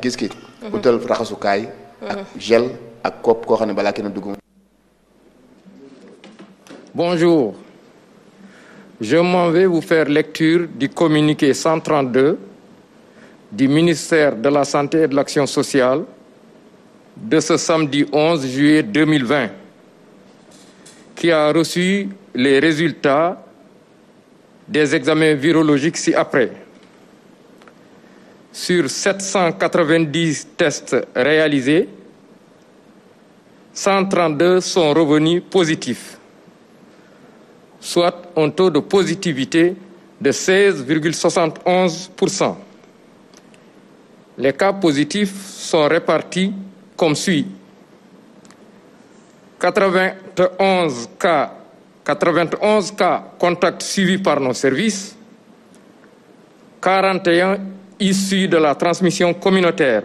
gis ki utal raxasukaay ak ak kopp koo xam ne balaa kenn dugg Bonjour. Je m'en vais vous faire lecture du communiqué 132 du ministère de la Santé et l'Action sociale de ce samedi 11 juillet 2020, qui a reçu les résultats des examens virologiques ci-après. sur 790 tests réalisés, 132 sont revenus positifs, soit un taux de positivité de 16,71%. Les cas positifs sont répartis comme suit. 91 cas, 91 cas contacts suivis par nos services, 41 issus de la transmission communautaire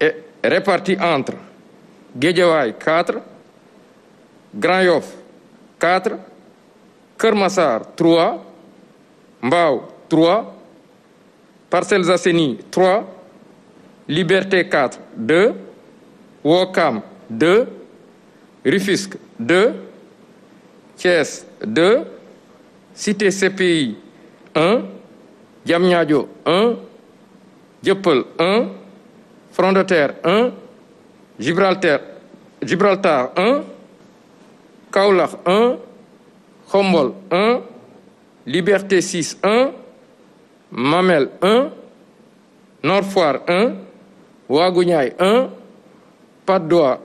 et répartis entre Guédiawaye 4 Grand Yoff 4 Keur Massar 3 Mbao 3 Parcelles Assainies 3 Liberté 4 2 Ouakam 2 Rufisque 2 Thiès 2 Cité CPI 1 Diamniadio Dieuppeul 1 Front de Terre 1 Gibraltar Gibraltar 1 Kaolack Liberté 6 Mamel 1 Waguñaay 1 Patte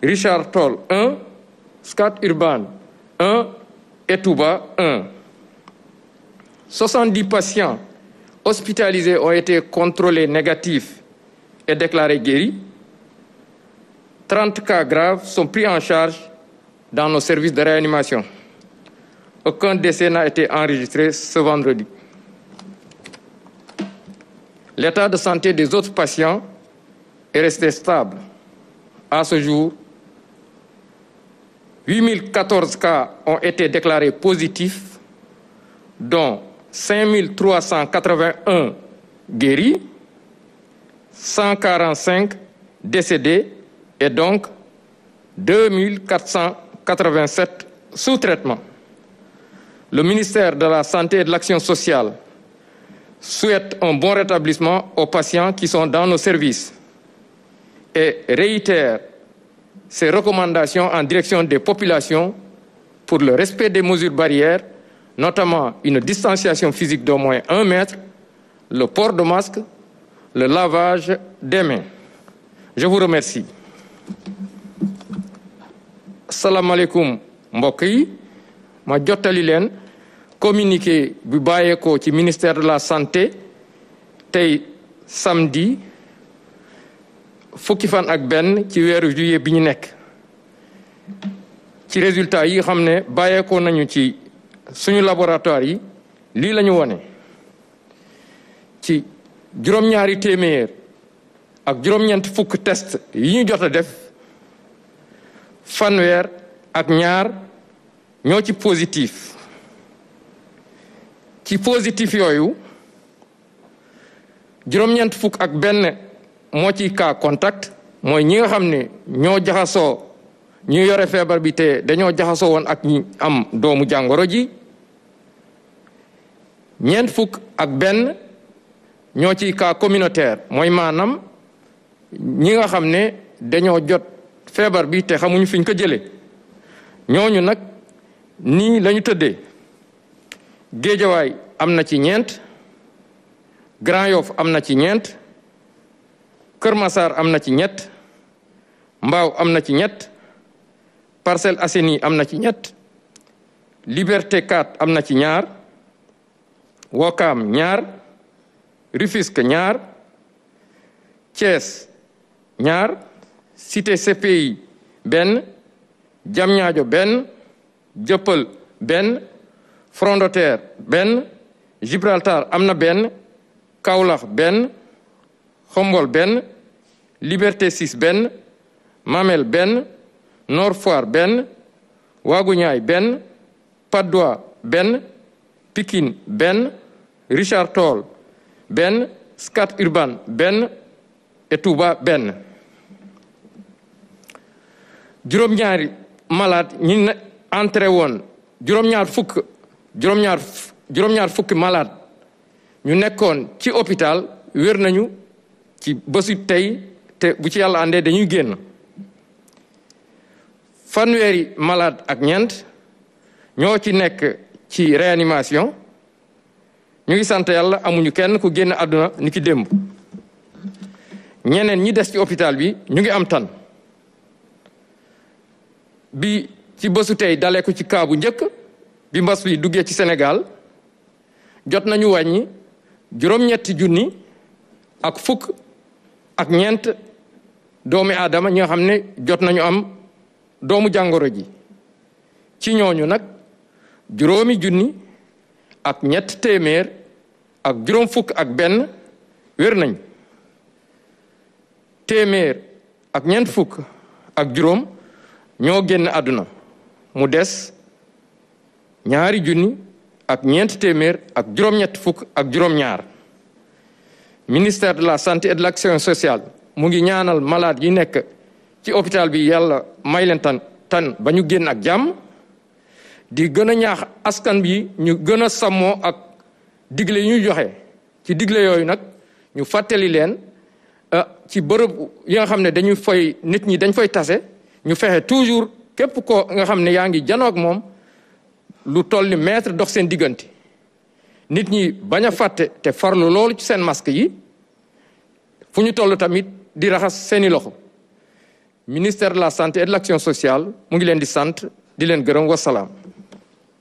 Richard Toll 1 Scat Urbam 70 patients hospitalisés ont été contrôlés négatifs et déclarés guéris. 30 cas graves sont pris en charge dans nos services de réanimation. Aucun décès n'a été enregistré ce vendredi. L'état de santé des autres patients est resté stable. À ce jour, 8014 cas ont été déclarés positifs, dont 5381 guéris, 145 décédés et donc 2487 sous traitement. Le ministère de la Santé l'Action sociale souhaite un bon rétablissement aux patients dans nos services et réitère ses recommandations en direction des populations pour le respect des mesures barrières notamment une distanciation physique de moins un mètre, le port de masque, le lavage des mains. Je vous remercie. salaamaaleykum mbokk yi ma jottali leen communiqué bi bàyyeekoo ci ministère de la santé tey samedi fukki fan ak benn ci weeru juillet bi ñu nekk ci résultat yi xam ne bàyyeekoo nañu ci. suñu laboratoire yi lii lañu wone ci juróom-ñaari téeméer ak juróom-ñeent fukk test yi ñu jot def fanweer ak ñaar ñoo ci positif ci positif yooyu juróom-ñeent fukk ak benn moo ci cas contact mooy ñi nga xam ne ñoo jaxasoo ñu yore feebar bi te dañoo jaxasoo woon ak ñi am doomu jàngoro ji ñeent fukk ak benn ñoo ci cas communautaire mooy maanaam ñi nga xam ne dañoo jot feebar bi te xamuñu fiñ ko jëlee ñooñu nag nii lañu tëddee géejawaay am na ci ñeent Grand Yoff am na ci ñeent Kër Massar am na ci ñett Mbaaw am na ci ñett Parcelles Assainies am na ci ñett Liberté 4 am na ci ñaar Wakaam ñaar Rufisque ñaar Thiès ñaar Cité CPI benn Diamniadio ben Dieuppeul benn Front de Terre Gibraltar am na benn Kaolack benn Xombol benn Liberté 6 benn Mamel benn Nord Foire benn Waaguñaay benn Patte benn pikin benn Richard Toll benn Scat urban benn et benn juróom-ñaari malade ñi ne entré woon juróom-ñaar fukk juróom-ñaar fukki malade ñu nekkoon ci hôpital wér nañu ci bésu tey te bu ci yàlla àndee dañuy génn fanweeri malade ak ñeent ñoo ci nekk ci réanimation ñu ngi sant yàlla amuñu kenn ku génn àdduna ni ki démb ñeneen ñi des ci hôpital bi ñu ngi am tan bi ci bësu tey dalee ko ci kaa njëkk bi mbas bi duggee ci Sénégal jot nañu wàññi juróom-ñetti junni ak fukk ak ñeent doomi aadama ñi xam ne jot nañu am doomu jàngoro ji ci ñooñu nag juróomi junni ak ñett téeméer ak juróom fukk ak benn wér nañ téeméer ak ñeent fukk ak juróom ñoo génn àdduna mu des ñaari junni ak ñeent téeméer ak juróom-ñett fukk ak juróom-ñaar ministère de la santé et de l'action sociale mu ngi ñaanal malade yi nekk ci hôpital bi yàlla may leen tan tan ba ñu génn ak jàmm di gën a ñaax askan bi ñu gën a sàmmoo ak digle yu ñu joxe ci digle yooyu nag ñu fàttali leen ah, ci bërëb yi nga xam ne dañu fay nit ñi dañ fay tase ñu fexe toujours képp ko nga xam ne yaa ngi janoog moom lu toll ni mètre dox seen diggante nit ñi bañ a fàtte te farlu loolu ci seen masque yi fu ñu toll tamit di raxas seeni loxo ministère de la santé et de l'action sociale mu ngi leen di sant di leen gërëm wasalaam